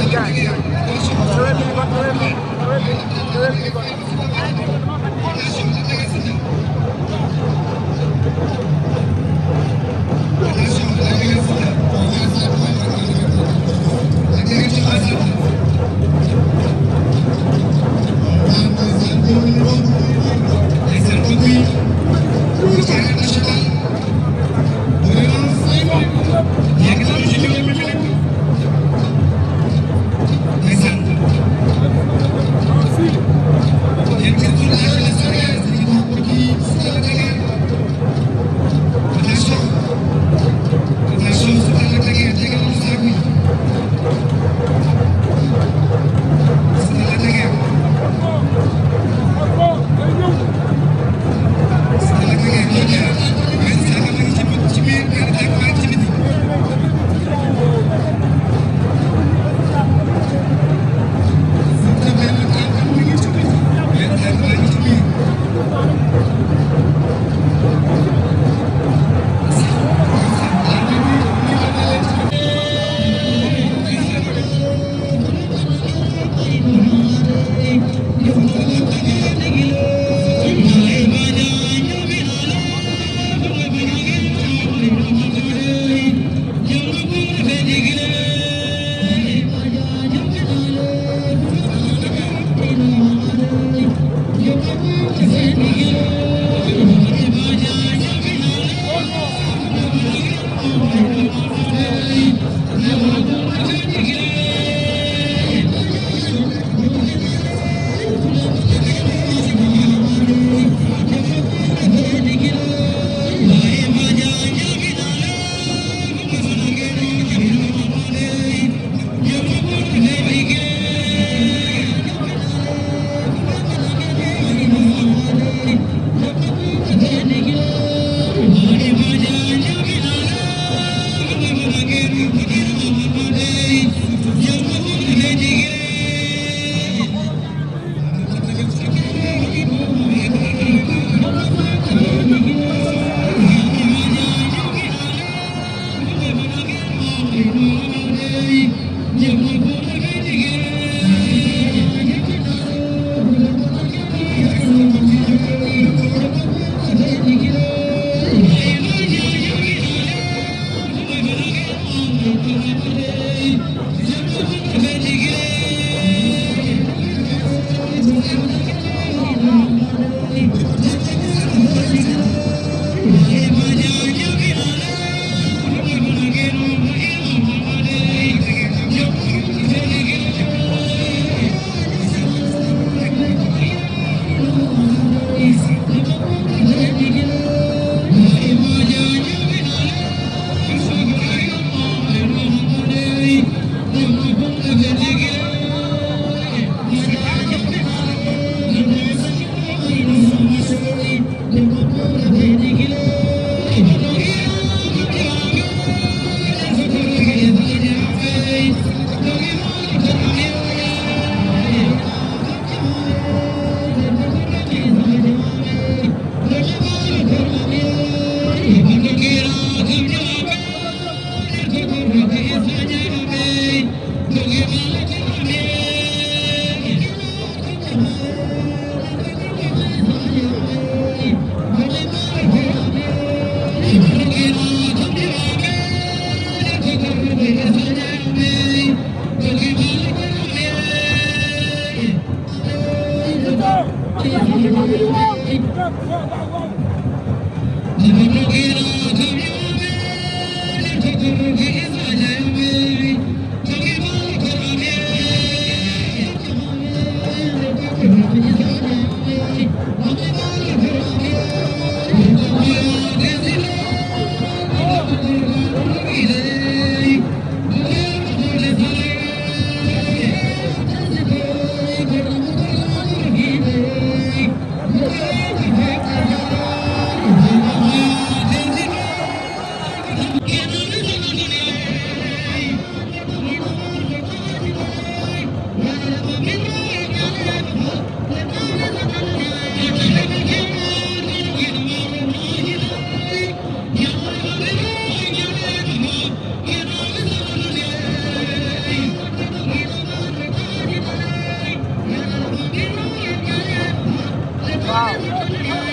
Obrigado. Thank you. Wow.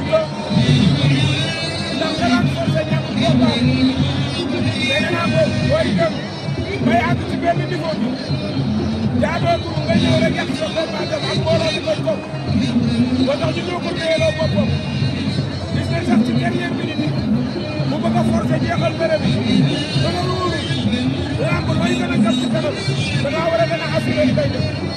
Siteu ndax xalaat forcé ñàkk combat nee naa ko booy dem bay àgg ci benn niveau bi jaadootul nga ñëw rek yàq sa combat dem ak mbooloo di ko kaw ba tax ñu ñoo ko téyeloo boppam gis nañ sax ci dernière minute bu bëgg a forcé jeexal bëre bi dana ruuri lamb looy gën a jàpp ci kanam da ngaa war a gën a assuré li ngay def